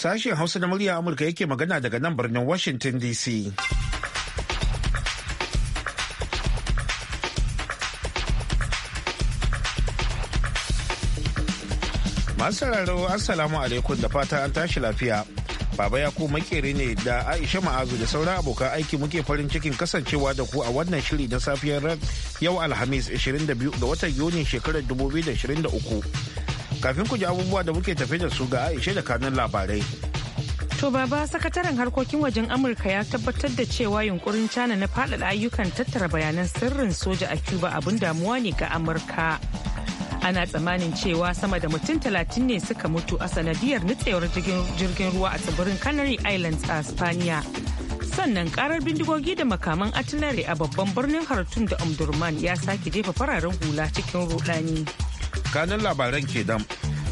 Sashen Hausa na murya Amurka yake magana daga nan birnin Washington DC. Masu Assalamu alaikum da fata an tashi lafiya. Baba Yakubu makere ne da Aisha Ma'azu da sauran abokan aiki muke farin cikin kasancewa da ku a wannan shiri na safiyar yau Alhamis 22 ga watan Yuni shekarar 2023. Kafin ku ji abubuwa da muke tafe da su ga Aisha da kanun labarai. To baba sakataren harkokin wajen Amurka ya tabbatar da cewa yunkurin Cana na faɗaɗa ayyukan tattara bayanan sirrin soja a Cuba abin damuwa ne ga Amurka. Ana tsamanin cewa sama da mutum talatin ne suka mutu a sanadiyar nutsewar jirgin ruwa a tsibirin Canary Islands a Spaniya. Sannan karar bindigogi da makaman atinare a babban birnin Hartun da Omdurman ya sake jefa fararen hula cikin rudani. kanun labaran ke dam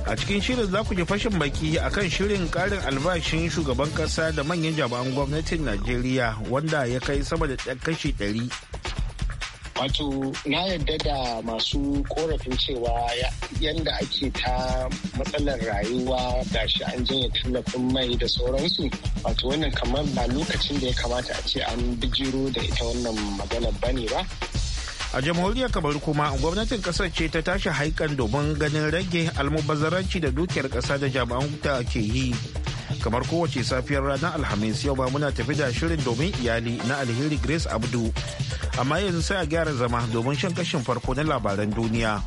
a cikin shirin za ku ji fashin baki akan shirin karin albashin shugaban kasa da manyan jami'an gwamnatin najeriya wanda ya kai sama da kashi ɗari. wato na yadda da masu korafin cewa yadda ake ta matsalar rayuwa da shi an janye tallafin mai da sauransu wato wannan kamar ba lokacin da ya kamata a ce an bijiro da ita wannan maganar bane ba a jamhuriyar kamar kuma gwamnatin kasar ce ta tashi haikan domin ganin rage almubazzaranci da dukiyar kasa da jami'an ta ke yi kamar kowace safiyar ranar alhamis yau ba muna tafi da shirin domin iyali na alheri grace abdu amma yanzu sai a gyara zama domin shan kashin farko na labaran duniya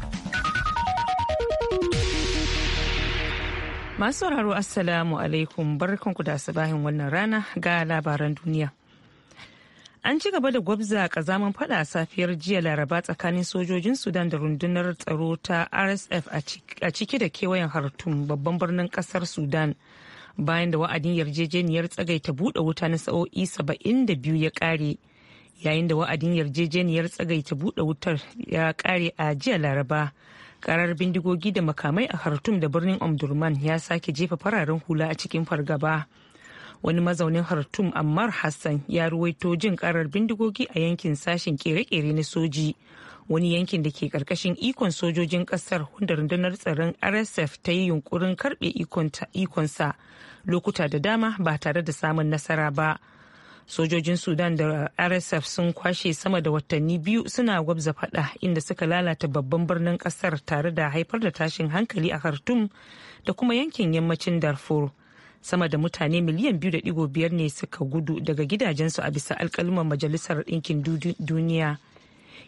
masu sauraro assalamu alaikum barkanku da asibahin wannan rana ga labaran duniya An ci gaba da gwabza kazaman fada a safiyar jiya laraba tsakanin sojojin Sudan da rundunar tsaro ta RSF a ciki da kewayen Hartum babban birnin kasar Sudan. Bayan da wa'adin yarjejeniyar tsagaita buɗe wuta na sa'o'i saba'in da biyu ya ƙare. Yayin da wa'adin yarjejeniyar tsagaita buɗe wutar ya ƙare a jiya laraba. Karar bindigogi da makamai a Hartum da birnin Omdurman ya sake jefa fararen hula a cikin fargaba. wani mazaunin hartum ammar hassan ya ruwaito jin karar bindigogi a yankin sashen kere-kere na soji wani yankin da ke karkashin ikon sojojin kasar wanda rundunar tsaron rsf ta yi yunkurin karbe ikonsa lokuta da dama ba tare da samun nasara ba sojojin sudan da rsf sun kwashe sama da watanni biyu suna gwabza fada inda suka lalata babban birnin kasar tare da haifar da tashin hankali a khartoum da kuma yankin yammacin darfur sama da mutane miliyan biyu 2.5 ne suka gudu daga gidajensu a bisa alkalman majalisar ɗinkin duniya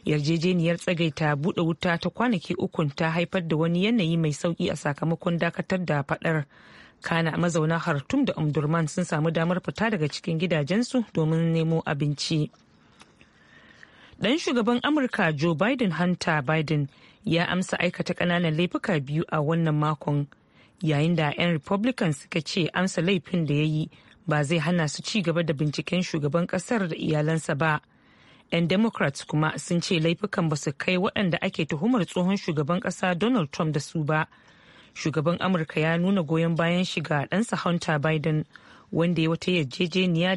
yarjejeniyar tsagaita buɗe wuta ta kwanaki ukun ta haifar da wani yanayi mai sauki a sakamakon dakatar da faɗar kana mazauna hartum da umdurman sun samu damar fita daga cikin gidajensu domin nemo abinci dan shugaban amurka joe biden hunter biden ya amsa aikata ƙananan laifuka biyu a wannan makon yayin da 'yan republicans suka ce amsa laifin da ya yi ba zai hana su ci gaba da binciken shugaban kasar da iyalansa ba 'yan democrats kuma sun ce laifukan ba su kai waɗanda ake tuhumar tsohon shugaban ƙasa donald trump da su ba shugaban amurka ya nuna goyon bayan shiga ɗansa hunter biden wanda ya wata yarjejeniya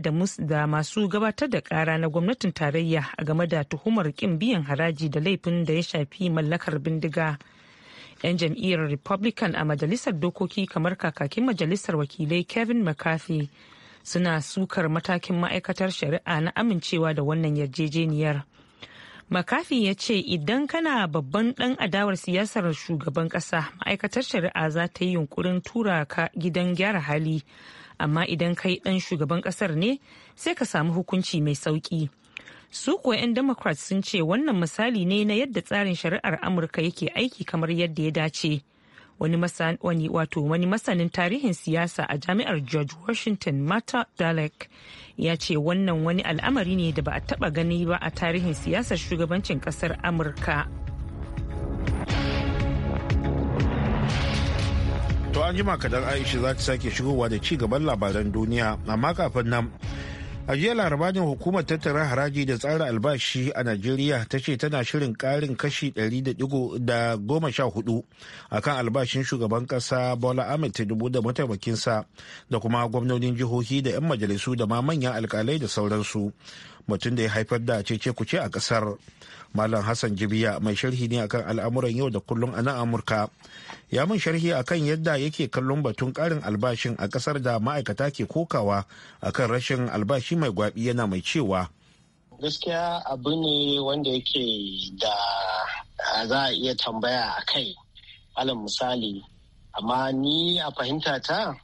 da masu gabatar da ƙara na gwamnatin tarayya a game da tuhumar kin biyan haraji da laifin da ya shafi mallakar bindiga 'yan jam'iyyar republican a majalisar dokoki kamar kakakin majalisar wakilai kevin mccarthy suna sukar matakin ma'aikatar shari'a na amincewa da wannan yarjejeniyar makafi ya ce idan kana babban dan adawar siyasar shugaban kasa ma'aikatar shari'a za ta yi yunkurin tura ka gidan gyara hali amma idan kai dan shugaban kasar ne sai ka samu hukunci mai sauki su kuwa 'yan democrats sun ce wannan misali ne na yadda tsarin shari'ar amurka yake aiki kamar yadda ya dace wani wato wani masanin tarihin siyasa a jami'ar george washington mata dalek ya ce wannan wani al'amari ne da ba a taba gani ba a tarihin siyasar shugabancin kasar amurka to an jima kadan aisha za ta sake shigowa da ci gaban labaran duniya amma kafin nan a jiya larabanin hukumar tattara haraji da tsara albashi a najeriya ta ce tana shirin karin kashi 114 a kan albashin shugaban kasa bola ahmed tinubu da mataimakinsa da kuma gwamnonin jihohi da 'yan majalisu da ma manyan alkalai da sauransu mutum da ya haifar da cece kuce a kasar malam hassan jibiya mai sharhi ne akan al'amuran yau da kullum a nan amurka ya mun sharhi akan yadda yake kallon batun karin albashin a kasar da ma'aikata ke kokawa akan rashin albashi mai gwabi yana mai cewa gaskiya abu ne wanda yake da za a iya tambaya a kai alal misali amma ni a fahimta ta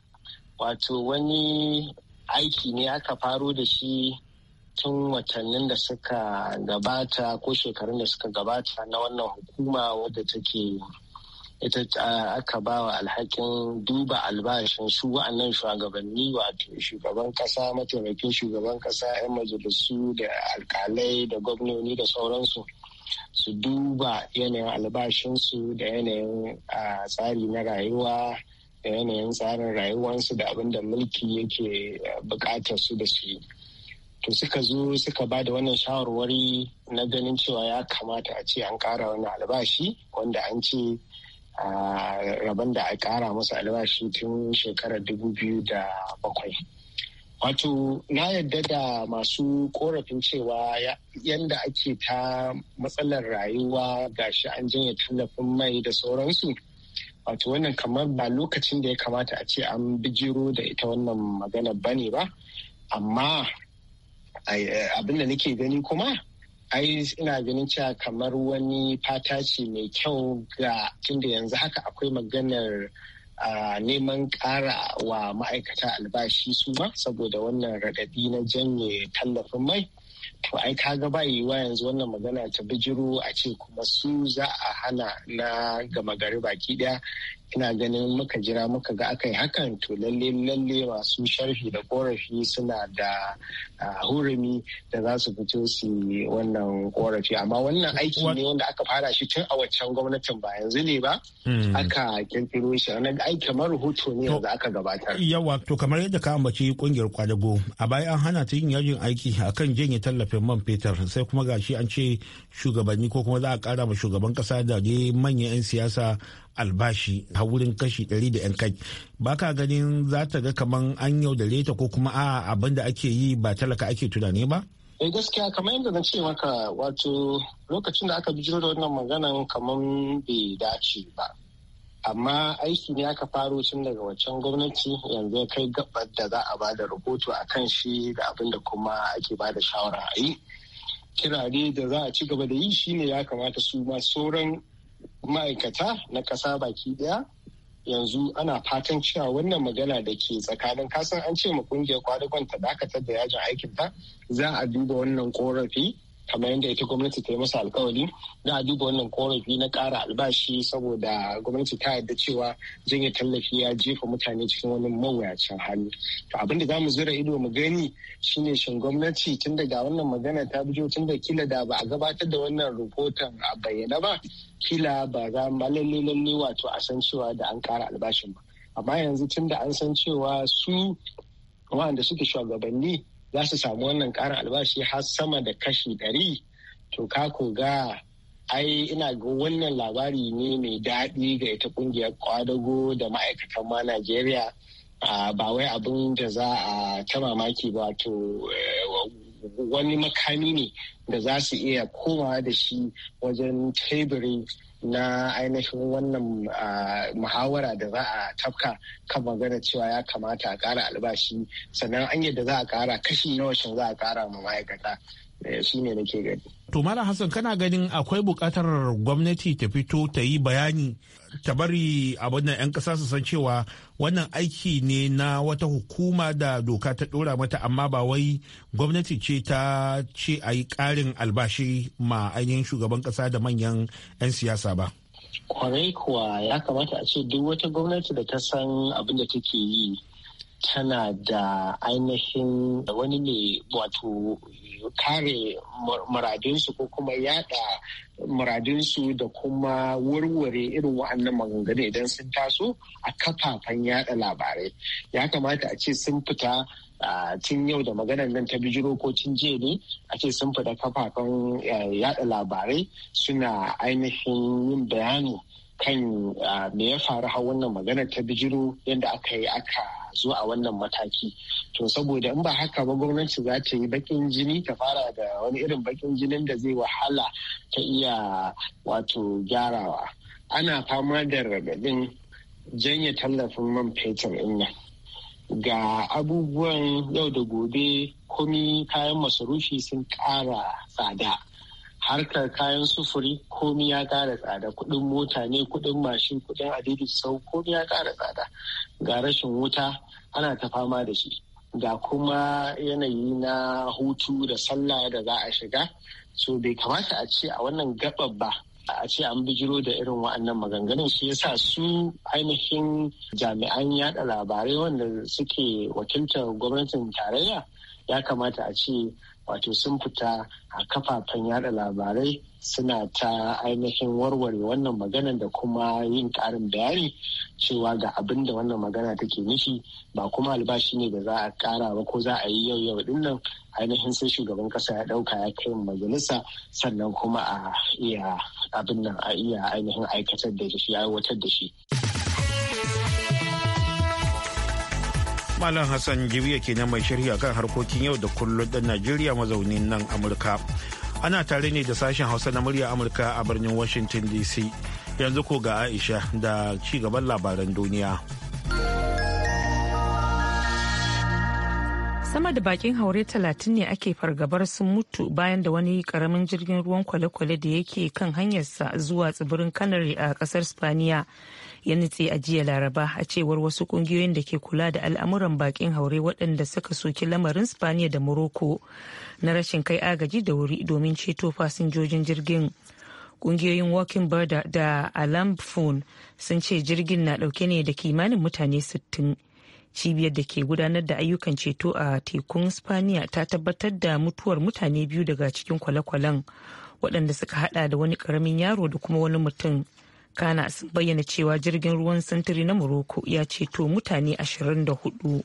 wato wani aiki ne aka faro da shi tun watannin da suka gabata ko shekarun da suka gabata na wannan hukuma wadda take ita aka ba wa alhakin duba albashin su wa'annan shugabanni wato shugaban kasa mataimakin shugaban kasa 'yan majalisu da alkalai da gwamnoni da sauransu su duba yanayin albashinsu da yanayin tsari na rayuwa da yanayin tsarin rayuwansu da abin da mulki yake bukatar su da su yi to suka zo suka ba da wannan shawarwari na ganin cewa ya kamata a ce an kara wani albashi wanda an ce a rabon da a ƙara masa albashi tun shekarar da bakwai. wato na yadda da masu korafin cewa yadda ake ta matsalar rayuwa shi an janye tallafin mai da sauransu wato wannan kamar ba lokacin da ya kamata a ce an bijiro da ita wannan magana bane ba amma eh, abin da nake gani kuma ai ina ganin cewa kamar wani fata ce mai kyau ga tunda yanzu haka akwai maganar neman ƙara wa ma'aikata albashi su ma saboda wannan raɗaɗi na janye tallafin mai to ai kaga ba yiwuwa yanzu wannan magana ta bijiro a ce kuma su za a hana na gama gari baki ɗaya. ina ganin muka jira muka ga aka yi hakan to lalle lalle masu sharhi da korafi suna da hurumi da za su fito su wannan korafi amma wannan aiki ne wanda aka fara shi tun a waccan gwamnatin ba yanzu ne ba hmm. aka kirkiro shi na ai kamar rahoto ne da aka gabatar yawa to kamar yadda ka ambaci kungiyar kwadago a baya an hana ta yin yajin aiki akan janye tallafin man fetur sai kuma gashi an ce shugabanni ko kuma za a kara ma shugaban kasa da manyan 'yan siyasa albashi a wurin kashi 100 da 'yan kai ba ka ganin za ta ga kamar an yaudare ta ko kuma a abin da ake yi ba talaka ake tunani ba? Eh gaskiya kamar yadda na ce maka wato lokacin da aka bijiro da wannan maganan kamar bai dace ba. Amma aiki ne aka faro tun daga waccan gwamnati yanzu ya kai gabar da za a bada rahoto a kan shi da abin da kuma ake bada shawara a yi. Kirare da za a ci gaba da yi shine ya kamata su ma sauran ma'aikata na ƙasa baki daya yanzu ana fatan cewa wannan magana da ke tsakanin kasan an ce ma kungiyar kwadagon ta dakatar da yajin aikinta za a duba wannan korafi kamar yadda ita gwamnati ta yi masa alkawari za a duba wannan korafi na ƙara albashi saboda gwamnati ta yadda cewa janye tallafi ya jefa mutane cikin wani mawuyacin hali to abin da za mu zura ido mu gani shine shin gwamnati tun daga wannan magana ta bijo tun da kila da ba a gabatar da wannan rahoton a bayyana ba kila ba za ma lalle lalle wato a san cewa da an ƙara albashin ba amma yanzu tun da an san cewa su waɗanda suke shugabanni za su samu wannan ƙarin albashi har sama da kashi ɗari to ka ga ai ina ga wannan labari ne mai daɗi ga ita ƙungiyar kwadago da ma'aikatan ma najeriya ba wai abin da za a ta mamaki ba to eh, wani makami ne da za su iya komawa da shi wajen tebiri. na ainihin wannan muhawara da za a tafka kan magana cewa ya kamata a ƙara albashi sannan an yadda za a ƙara kashi nawa shin za a ƙara ma ma'aikata Eh, shi ne nake gani. To Hassan kana ganin akwai buƙatar gwamnati ta fito ta yi bayani ta bari abin da 'yan ƙasa su san cewa wannan aiki ne na wata hukuma da doka ta ɗora mata amma ba wai gwamnati ce ta ce a yi ƙarin albashi ma ainihin shugaban ƙasa da manyan 'yan siyasa ba. Kwarai kuwa ya kamata a ce duk wata gwamnati da ta san abin da take yi tana da ainihin wani ne wato kare muradinsu ko kuma yada muradinsu da kuma warware irin wa'annan maganganu idan sun taso a kafafen yada labarai ya kamata a ce sun fita tun yau da maganar nan ta bijiro ko tun jiya ne a ce sun fita kafafen eh, yada labarai suna ainihin yin bayani kan ah, me ya faru har wannan magana ta bijiro yadda aka yi aka zo a wannan mataki to saboda in ba haka ba gwamnati za ta yi bakin jini ta fara da wani irin bakin jinin da zai wahala ta iya wato gyarawa ana fama da ragadin janye tallafin man fetur in nan ga abubuwan yau da gobe komi kayan masarufi sun ƙara tsada harkar kayan sufuri komi ya ƙara tsada kuɗin mota ne kuɗin mashin kuɗin adidi sau komi ya ƙara tsada ga rashin wuta ana ta fama da shi ga kuma yanayi na hutu da sallah da za a shiga so bai kamata a ce a wannan gaɓar ba a ce an bijiro da irin wa'annan maganganun shi yasa su ainihin jami'an yada labarai wanda suke wakiltar gwamnatin tarayya ya kamata a ce wato sun fita a kafafen yada labarai suna ta ainihin warware wannan magana da kuma yin karin bayani cewa ga abin da wannan magana take nufi ba kuma albashi ne da za a kara ba ko za a yi yau yau din nan ainihin sai shugaban kasa ya dauka ya kai majalisa sannan kuma a iya abin nan a iya ainihin aikatar da shi aiwatar da shi. Malam Hassan Jibiya kenan mai shirya kan harkokin yau da kullum ɗan Najeriya mazaunin nan Amurka. Ana tare ne da sashen Hausa na murya Amurka a birnin Washington DC. Yanzu ko ga Aisha da ci gaban labaran duniya. Sama da bakin haure talatin ne ake fargabar sun mutu bayan da wani karamin jirgin ruwan kwale-kwale da yake kan hanyarsa zuwa tsibirin kanari a kasar Spaniya. ya nutse a jiya laraba a cewar wasu kungiyoyin da ke kula da al'amuran bakin haure waɗanda suka soki lamarin spaniya da morocco na rashin kai agaji da wuri domin ceto fasinjojin jirgin kungiyoyin walking bird da alarm phone sun ce jirgin na ɗauke ne da kimanin mutane 60 cibiyar da ke gudanar da ayyukan ceto a tekun spaniya ta tabbatar da mutuwar mutane biyu daga cikin kwale-kwalen waɗanda suka hada da wani karamin yaro da kuma wani mutum kana sun bayyana cewa jirgin ruwan sintiri na morocco ya ceto mutane 24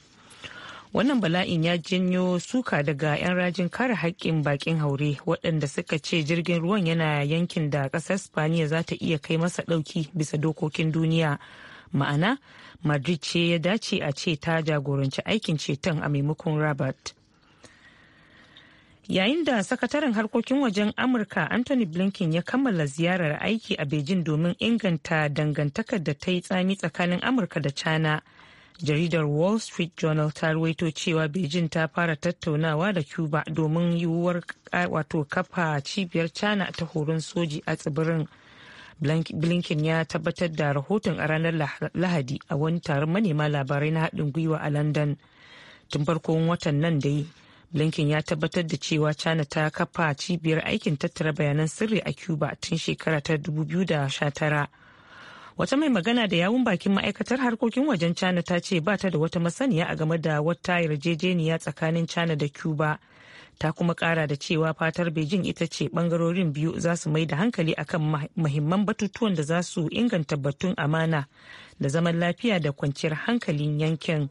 wannan bala'in ya janyo suka daga 'yan rajin kare haƙƙin bakin haure waɗanda suka ce jirgin ruwan yana yankin da ƙasar spaniya za ta iya kai masa ɗauki bisa dokokin duniya ma'ana madrid ce ya dace a ce ta jagoranci aikin ceton a maimakon rabat yayin da sakataren harkokin wajen amurka anthony blinken ya kammala ziyarar aiki a beijing domin inganta dangantakar da ta yi tsami tsakanin amurka da china jaridar wall street journal ta ruwaito cewa beijing ta fara tattaunawa da cuba domin yiwuwar wato kafa cibiyar china ta horon soji a tsibirin blinken ya tabbatar da rahoton a ranar lahadi a wani taron manema labarai na haɗin gwiwa a london tun farkon watan nan dai Blinken ya tabbatar da cewa China ta kafa cibiyar aikin tattara bayanan sirri a Cuba tun shekara ta 2019. Wata mai magana da yawun bakin ma'aikatar harkokin wajen China ta ce ba ta da wata masaniya a game da wata yarjejeniya tsakanin China da Cuba. Ta kuma kara da cewa fatar Beijing ita ce bangarorin biyu za su mai da hankali akan mahimman batutuwan da za su inganta batun amana da zaman lafiya da kwanciyar hankalin yankin.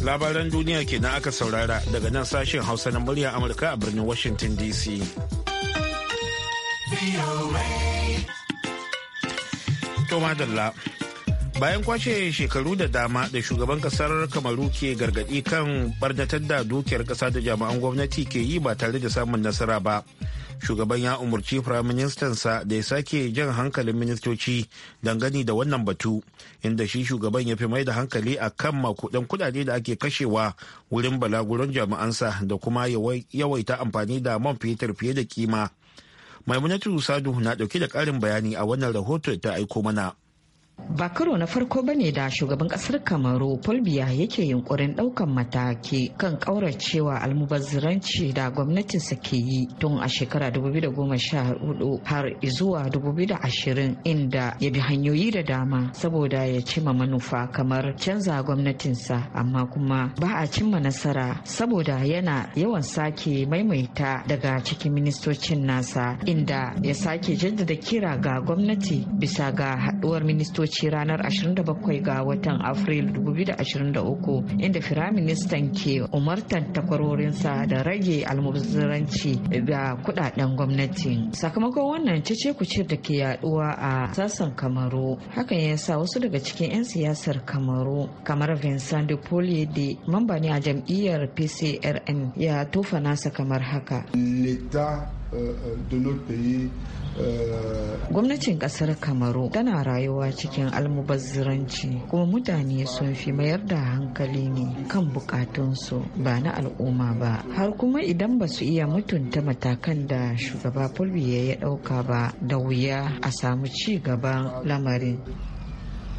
labaran duniya ke kenan aka saurara daga nan sashen hausa na murya amurka a birnin washington dc to madalla bayan kwashe shekaru da dama da shugaban kasar kamaru ke gargadi kan barnatar da dukiyar kasa da jami'an gwamnati ke yi ba tare da samun nasara ba shugaban ya umarci sa da ya sake jan hankalin ministoci dangane da wannan batu inda shi shugaban ya fi mai da hankali a kan makudan kudade da ake kashewa wurin balaguron jami'ansa da kuma yawaita amfani da man fetur fiye da kima maimunatu sadu na dauke da karin bayani a wannan rahoto ta aiko mana ba karo na farko bane da shugaban kasar kamaru paul yake yunkurin daukan mataki kan kauracewa almubazziranci da gwamnatinsa ke yi tun a shekara 2014 har zuwa 2020 inda ya bi hanyoyi da dama saboda ya cima manufa kamar canza gwamnatinsa amma kuma ba a cimma nasara saboda yana yawan sake maimaita daga cikin ministocin nasa inda ya sake jaddada kira ga gwamnati bisa ga haduwar ministoci lokaci ranar 27 ga watan afril 2023 inda firaministan ke umartan takwarorinsa da rage almubazzaranci ga kudaden gwamnati sakamakon wannan cece kucir da ke yaduwa a sassan kamaru hakan ya sa wasu daga cikin 'yan siyasar kamaru kamar vincent de polier de mamba ne a jam'iyyar pcrm ya tofa nasa kamar haka euh, euh, de notre pays Gwamnatin kasar Kamaru tana rayuwa cikin almubazziranci kuma mutane sun fi mayar da hankali ne kan bukatunsu ba na al'umma ba har kuma idan ba su iya mutunta matakan da shugaba Fulbiya ya ɗauka ba da wuya a samu ci gaban lamarin.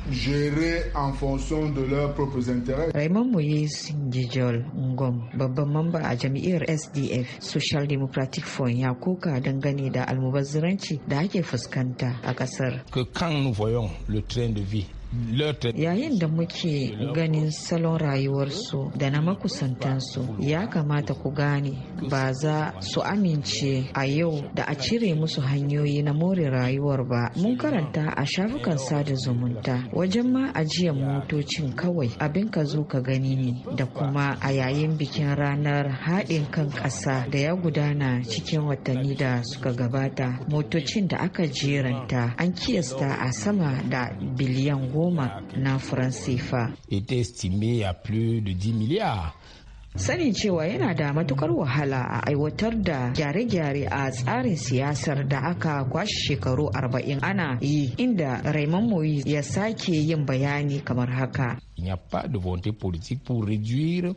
gérés en fonction de leurs propres intérêts. Raymond Moïse Njijol Ngom, babban mamba a jami'ir SDF Social Democratic Front ya koka dangane da almubazziranci da ake fuskanta a kasar. Que quand nous voyons le train de vie Yayin da muke ganin salon rayuwarsu da na makusantansu ya kamata ku gane ba za su amince a yau da a cire musu hanyoyi na more rayuwar ba. Mun karanta a shafukan sada zumunta wajen ma ajiyar motocin kawai abin ka zo ka gani ne da kuma a yayin bikin ranar haɗin kan ƙasa da ya gudana cikin watanni da suka gabata motocin da aka jeranta an kiyasta a sama da biliyan goma. goma na furan sefa. Sanin cewa yana da matukar wahala a aiwatar da gyare-gyare a tsarin siyasar da aka kwashe shekaru arba'in ana yi inda Raymond Moise ya sake yin bayani kamar haka. Il n'y a pas de volonté politique pour réduire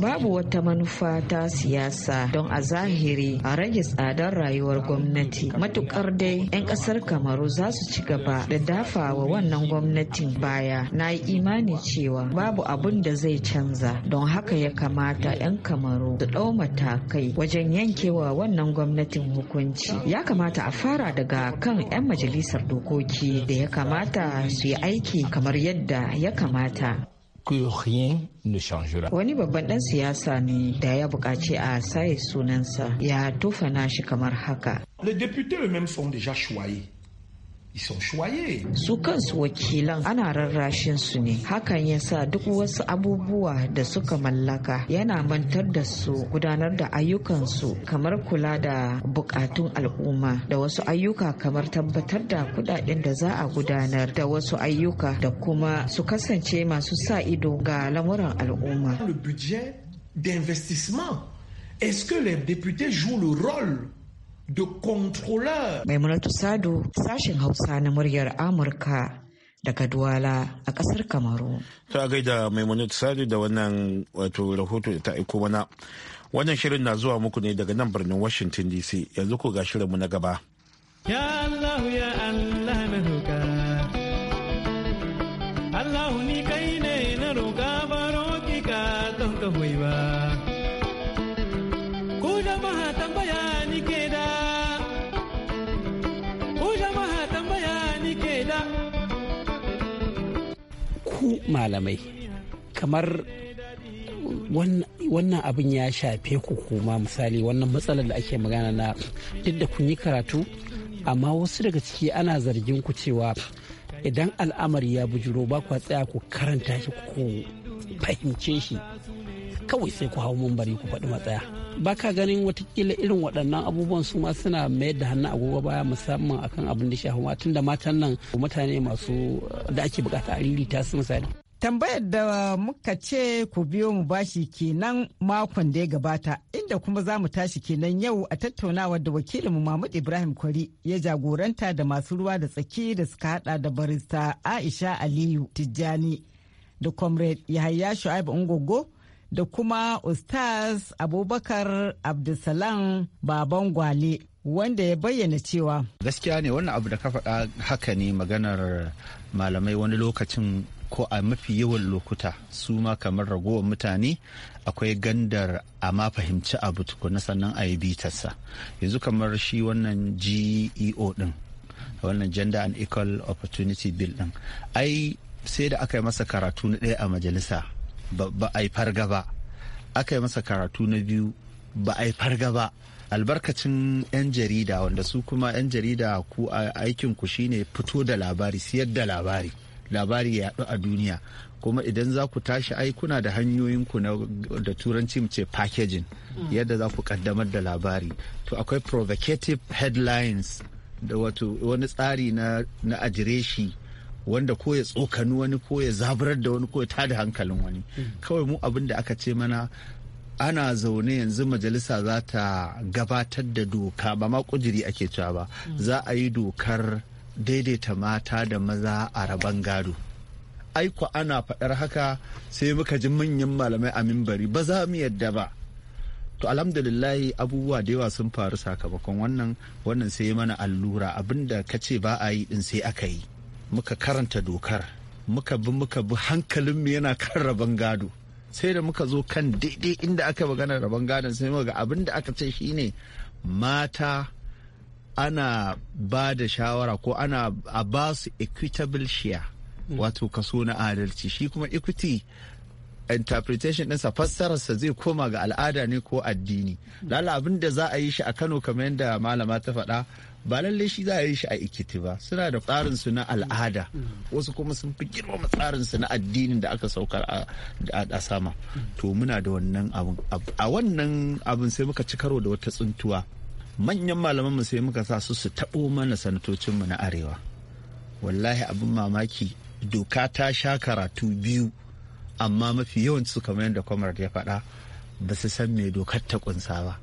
Babu wata manufa ta siyasa don a zahiri a rage tsadar rayuwar gwamnati. Matukar dai 'yan kasar Kamaru za su ci gaba da dafa wa wannan gwamnatin baya. Na yi imani cewa babu abun da zai canza don haka ya kamata 'yan Kamaru su ɗau matakai wajen yankewa wannan gwamnatin hukunci. Ya kamata a fara daga kan 'yan majalisar dokoki da ya kamata su yi aiki kamar yadda ya kamata. que rien ne changera. Wani babban ɗan siyasa ne da ya buƙaci a saye sunansa ya tofa nashi kamar haka. Les députés eux-mêmes sont déjà choyés. Su kansu wakilan ana rarrashin su ne, hakan ya sa duk wasu abubuwa da suka mallaka yana mantar da su gudanar da ayyukansu kamar kula da bukatun al'umma da wasu ayyuka kamar tabbatar da kudaden da za a gudanar da wasu ayyuka da kuma su kasance masu sa ido ga lamuran al'umma. d'investissement. Est-ce que les députés jouent le rôle de contrôleur. Maimunatu Sado sashen Hausa na muryar Amurka daga Duwala a kasar Kamaru. Ta gaida Maimunatu Sado da wannan wato rahoto da ta aiko mana. Wannan shirin na zuwa muku ne daga nan birnin Washington DC yanzu ko ga shirinmu na gaba. Ya Allah ya Allah na roƙa. Allah ni kai ne na roƙa baro ki ka ka ba. malamai kamar wannan abin ya shafe ku kuma misali wannan matsalar da ake magana na duk da kun yi karatu amma wasu daga ciki ana zargin ku cewa idan al'amari ya bujuro ba kwa tsaya ku karanta shi ku fahimce shi kawai sai ku hau mambari ku faɗi matsaya ba ka ganin watakila irin waɗannan abubuwan su ma suna mayar da hannu agogo baya musamman akan abin da shafi tun da matan nan mutane masu da ake bukata a ta su misali tambayar da muka ce ku biyo mu bashi kenan makon da ya gabata inda kuma za mu tashi kenan yau a tattaunawa da wakilinmu mahmud ibrahim kwari ya jagoranta da masu ruwa da tsaki da suka hada da barista aisha aliyu tijjani da comrade yahaya shu'aibu ungogo da kuma Ustaz Abubakar Abdulsalam Baban Gwale wanda ya bayyana cewa. Gaskiya ne wannan abu da ka faɗa haka ne maganar malamai wani lokacin ko a mafi yawan lokuta su ma kamar ragowar mutane akwai gandar a ma fahimci abu tukuna sannan a yi bitarsa yanzu kamar shi wannan geo din wannan gender and equal opportunity bill din ai sai da aka yi masa karatu na ɗaya a majalisa ba a yi farga ba aka yi masa karatu na biyu ba a yi farga ba albarkacin 'yan jarida wanda su kuma 'yan jarida ku aikin ku shine fito da labari siyar da labari labari ya yaɗu a duniya kuma idan za ku tashi ai kuna da hanyoyin ku da turanci mu ce packaging yadda za ku kaddamar da labari to akwai provocative headlines da wani tsari na adireshi wanda ko ya tsokani wani ko ya zaburar da wani ko ya tada hankalin wani kawai mu abin da aka ce mana ana zaune yanzu majalisa za ta gabatar da doka ba ma kujiri ake cewa ba za a yi dokar daidaita mata da maza a rabon gado aiko ana faɗar haka sai muka ji manyan malamai a mimbari ba za mu yadda ba to alhamdulillahi abubuwa da yawa sun faru sakamakon wannan wannan sai mana allura abinda ka ce ba a yi din sai aka yi muka karanta dokar muka bi muka bi hankalinmu yana kan rabon gado sai da muka zo kan daidai inda aka magana rabon gadon sai muka ga abin da aka ce shine mata ana ba da shawara ko ana a ba su equitable share mm. wato kaso na adalci shi kuma equity interpretation ɗinsa fassararsa zai koma ga al'ada ne ko addini mm. lala abin da za a yi shi a kano kamar yadda malama ta faɗa ba lallai shi za a yi shi a ikiti ba suna da tsarin su na al'ada wasu kuma sun fi girmama tsarin su na addinin da aka saukar a sama to muna da wannan abin a wannan abin sai muka ci karo da wata tsuntuwa manyan malaman mu sai muka sa su su taɓo mana sanatocin mu na arewa wallahi abin mamaki doka ta sha karatu biyu amma mafi yawanci su kamar yadda kwamar ya faɗa ba su san me dokar ta kunsa ba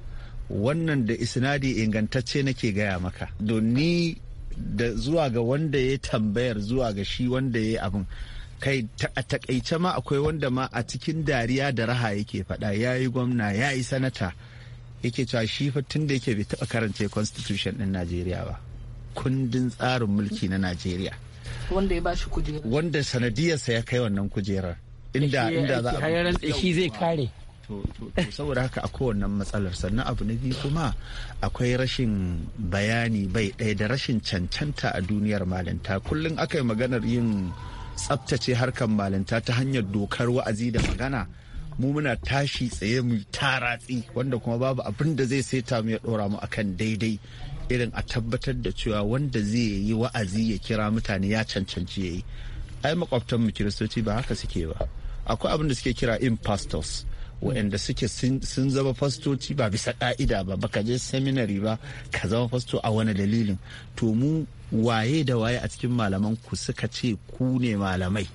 wannan da isnadi ingantacce nake gaya maka Doni da zuwa ga wanda ya tambayar zuwa ga shi wanda ya abin kai a takaice ma akwai wanda ma a cikin dariya da raha yake faɗa ya yi gwamna ya yi sanata yake cewa shi fa tun da yake bai taɓa karance constitution ɗin najeriya ba kundin tsarin mulki na najeriya wanda ya bashi kujera wanda sanadiyarsa ya kai wannan kujerar inda inda za a kare to saboda haka a wannan matsalar sannan abu na biyu kuma akwai rashin bayani bai ɗaya da rashin cancanta a duniyar malinta kullum aka yi maganar yin tsabtace harkar malinta ta hanyar dokar wa'azi da magana mu muna tashi tsaye mu taratsi wanda kuma babu abin da zai saita mu ya ɗora mu akan daidai irin a tabbatar da cewa wanda zai yi wa'azi ya kira mutane ya cancanci ya yi ai makwabtan mu kiristoci ba haka suke ba akwai abin da suke kira impastors waɗanda suke sun zama fastoci ba bisa ƙa'ida ba baka je seminary ba ka zama fasto a wani dalilin to mu waye da waye a cikin malaman ku suka ce ku ne malamai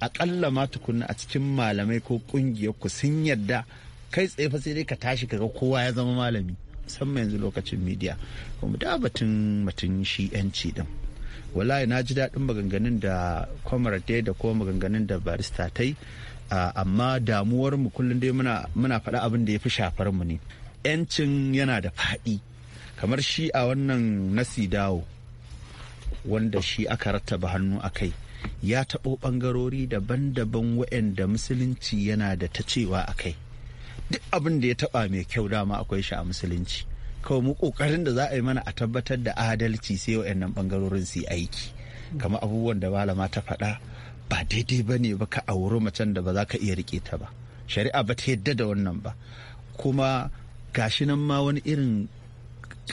aƙalla ma tukunna a cikin malamai ko ƙungiyar ku sun yadda kai tsaye fa sai dai ka tashi kaga kowa ya zama malami musamman yanzu lokacin media kuma da batun batun shi yanci din wallahi na ji daɗin maganganun da comrade da kuma maganganun da barista ta yi amma damuwar mu kullum dai muna faɗa abin da ya fi shafar mu ne yancin yana da faɗi kamar shi a wannan nasi dawo wanda shi aka rattaba hannu a kai ya taɓo ɓangarori daban-daban da musulunci yana da ta cewa a kai duk abin da ya taɓa mai kyau dama akwai shi a musulunci kawai mu ƙoƙarin da za a yi mana a tabbatar da adalci sai wa'annan ɓangarorin su yi aiki kamar abubuwan da malama ta faɗa ba daidai ba ne ba ka auri macen da ba za ka iya rike ta ba shari'a ba ta yadda da wannan ba kuma gashi nan ma wani irin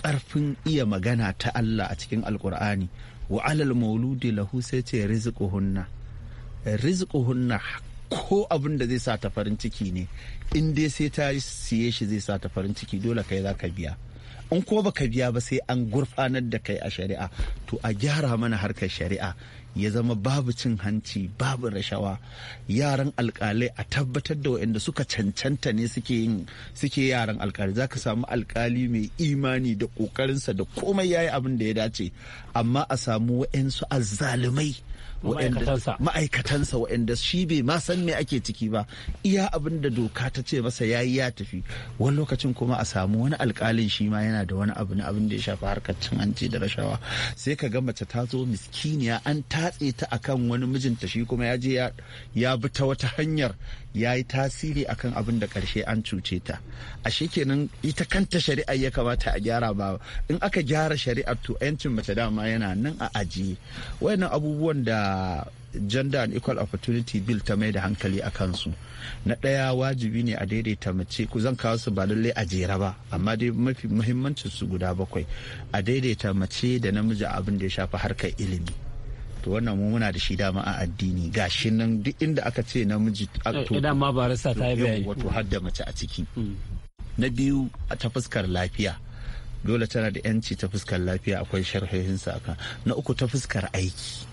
karfin iya magana ta Allah a cikin alkur'ani wa alal mauludi lahu sai ce rizquhunna rizquhunna ko abin da zai sa ta farin ciki ne in dai sai ta siye shi zai sa ta farin ciki dole kai za ka biya in ko baka biya ba sai an gurfanar da kai a shari'a to a gyara mana harkar shari'a ya zama babu cin hanci babu rashawa yaran alkalai a tabbatar da waɗanda suka cancanta ne suke yin suke yaran alkali za ka samu alkali mai imani da ƙoƙarinsa da komai ya yi abin da ya dace amma a samu waɗansu azzalumai ma'aikatansa wa'anda shi bai ma san me ake ciki ba iya abin da doka ta ce masa yayi ya tafi wani lokacin kuma a samu wani alkalin shi ma yana da wani abu na abin da ya shafi harkar cin hanci da rashawa sai ka ga mace ta zo miskiniya an tatse ta akan wani mijinta shi kuma ya je ya bi ta wata hanyar ya yi tasiri akan abin da karshe an cuce ta a kenan ita kanta shari'a ya kamata a gyara ba in aka gyara shari'ar to 'yancin mace dama yana nan a ajiye wayannan abubuwan da gender and equal opportunity bill ta mai da hankali a kansu na ɗaya wajibi ne a daidaita mace ku zan kawo su ba lallai a jera ba amma dai mafi muhimmancin su guda bakwai a daidaita mace da namiji abin da ya shafi harkar ilimi to wannan mu muna da shi dama a addini gashi nan duk inda aka ce namiji idan eh, eh, ma barista ta yi bayani wato har da mace a ciki hmm. na biyu ta fuskar lafiya dole tana da yanci ta fuskar lafiya akwai sharhohin sa na uku ta fuskar aiki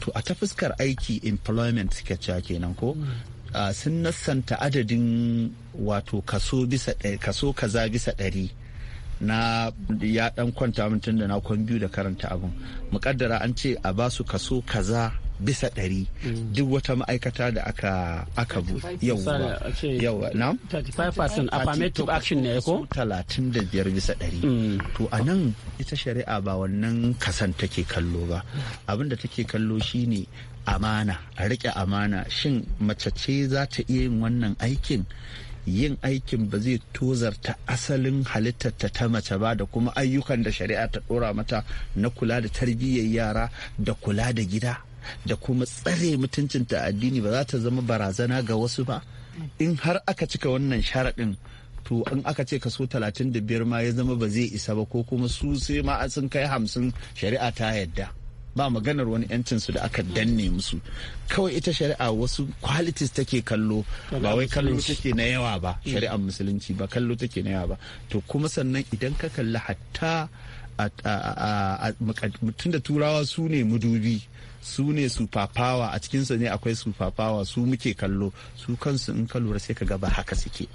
to a ta fuskar aiki employment suke cewa kenan ko hmm. ah, sun nassanta adadin wato kaso bisa kaso kaza bisa ɗari na ya dan kwanta min da na kwan biyu da karanta abin mukaddara an ce a ba su kaso kaza bisa ɗari mm. duk wata ma'aikata da aka aka bu yau na 35% affirmative action ne ko 35 bisa ɗari mm. to a nan ita shari'a ba wannan kasan take kallo ba da take kallo shine amana a riƙe amana shin mace ce za ta iya yin wannan aikin yin aikin ba zai tozarta asalin halittarta ta mace ba da kuma ayyukan da shari'a ta ɗora mata na kula da tarbiyyar yara da kula da gida da kuma tsare mutuncinta addini ba za ta zama barazana ga wasu ba in har aka cika wannan sharaɗin to in aka ce kaso biyar ma ya zama ba zai isa ba ko kuma su sai ma sun kai hamsin shari'a ta yadda ba maganar wani yancin su da aka danne musu kawai ita shari'a wasu qualities take kallo ba wai kallo take na yawa ba shari'ar musulunci ba kallo take na yawa ba to kuma sannan idan ka kalli hatta mutum da turawa su ne mudubi su ne super power a cikinsa ne akwai super power su muke kallo su kansu in ka lura sai ka gaba haka suke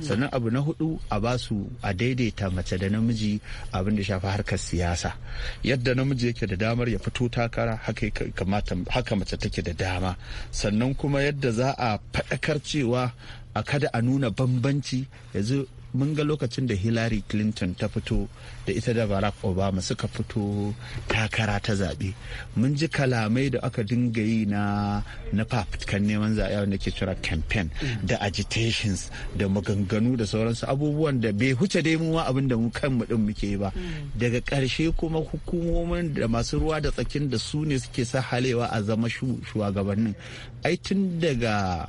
sannan abu na hudu a ba su a daidaita mace da namiji abin da shafi harkar siyasa yadda namiji yake da damar ya fito takara haka mace take da dama sannan kuma yadda za a faɗakar cewa a kada a nuna bambanci yanzu mun ga lokacin da hillary clinton ta fito da ita da barack obama suka fito takara ta zaɓe mun ji kalamai da aka dinga yi na na fafitkan neman zaɓe wanda ke cewa campaign da agitations da maganganu da sauransu abubuwan da bai huce dai mu abin da mu kanmu din muke ba daga ƙarshe kuma hukumomin da masu ruwa da tsakin da su ne suke sa halewa a zama shugabannin ai tun daga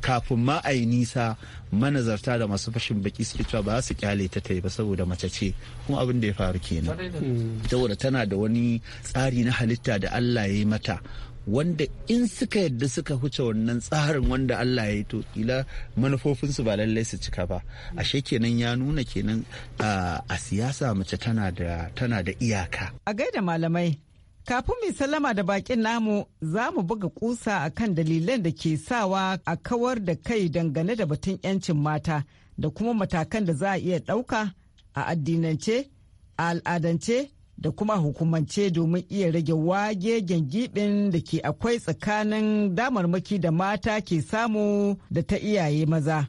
kafin ma a yi nisa manazarta da masu fashin baki suke cewa ba su kyale ta ta yi ba saboda mace ce kuma abin da ya faru kenan saboda tana da wani tsari na halitta da Allah ya yi mata wanda in suka yadda suka huce wannan tsarin wanda Allah ya yi to kila manufofinsu ba lallai su cika ba ashe kenan ya nuna kenan a siyasa mace tana da iyaka a gaida malamai Kafin mai sallama da bakin namu za mu buga kusa a kan dalilan da ke sawa a kawar da kai dangane da batun 'yancin mata da kuma matakan da za a iya ɗauka a addinance, a al'adance da kuma hukumance domin iya rage wage gibin da ke akwai tsakanin damarmaki da mata ke samu da ta iyaye maza.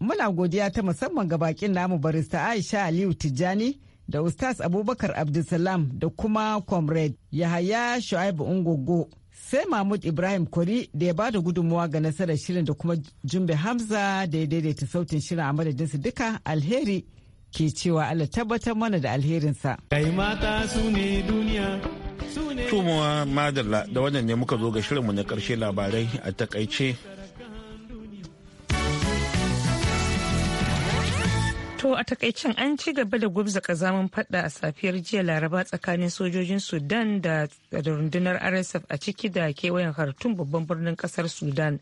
Muna godiya ta musamman ga bakin namu barista Aisha Aliyu Tijjani. da Ustaz Abubakar Abdulsalam da kuma Comrade Yahaya Shu'aibu Ungogo. Sai Mahmud Ibrahim Kori da ya bada gudunmuwa ga nasarar shirin da kuma Jumbe Hamza da ya daidaita sautin shirin a madadinsu duka alheri ke cewa Allah tabbatar mana da alherinsa. Kai ne Tumuwa madalla da wannan ne muka zo ga shirinmu na karshe labarai a takaice To a takaicin an ci gaba da gwabza kazamin fada a safiyar jiya laraba tsakanin sojojin Sudan da rundunar RSF a ciki da kewayen hartun babban birnin kasar Sudan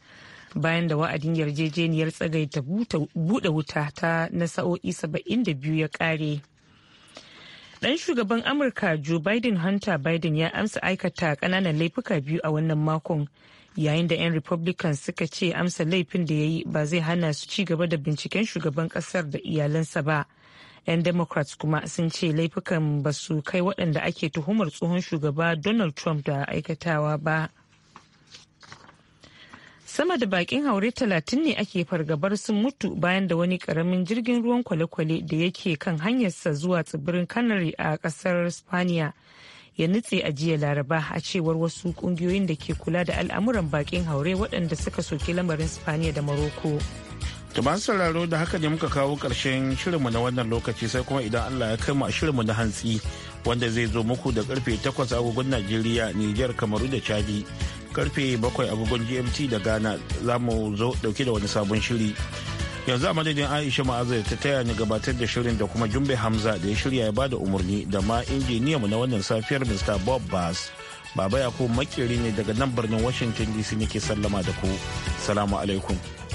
bayan da wa'adin yarjejeniyar tsagaita buɗe wuta ta na sa'o'i biyu ya ƙare. ɗan shugaban Amurka Joe Biden Hunter Biden ya amsa aikata ƙananan laifuka biyu a wannan makon. yayin da 'yan republican suka ce amsa laifin da ya yi ba zai hana su ci gaba da binciken shugaban kasar da iyalansa ba 'yan democrats kuma sun ce laifukan ba su kai waɗanda ake tuhumar tsohon shugaba donald trump da aikatawa ba sama da bakin haure talatin ne ake fargabar sun mutu bayan da wani karamin jirgin ruwan kwale-kwale da yake kan hanyarsa zuwa tsibirin canary a kasar spaniya ya nutse a jiya laraba a cewar wasu kungiyoyin da ke kula da al'amuran bakin haure waɗanda suka soki lamarin spaniya da maroko ta ba sauraro da haka ne muka kawo ƙarshen shirinmu na wannan lokaci sai kuma idan allah ya kai mu a shirinmu na hantsi wanda zai zo muku da karfe 8 agogon najeriya niger kamaru da chadi karfe 7 agogon gmt da ghana za mu zo dauke da wani sabon shiri yanzu a madadin aisha ma'azai ta taya ni gabatar da shirin da kuma jumbe hamza da ya shirya ya bada umarni da ma injiniya mu na wannan safiyar mr bob bass baba yakubu makeri ne daga nan birnin washington dc nake sallama da ku salamu alaikum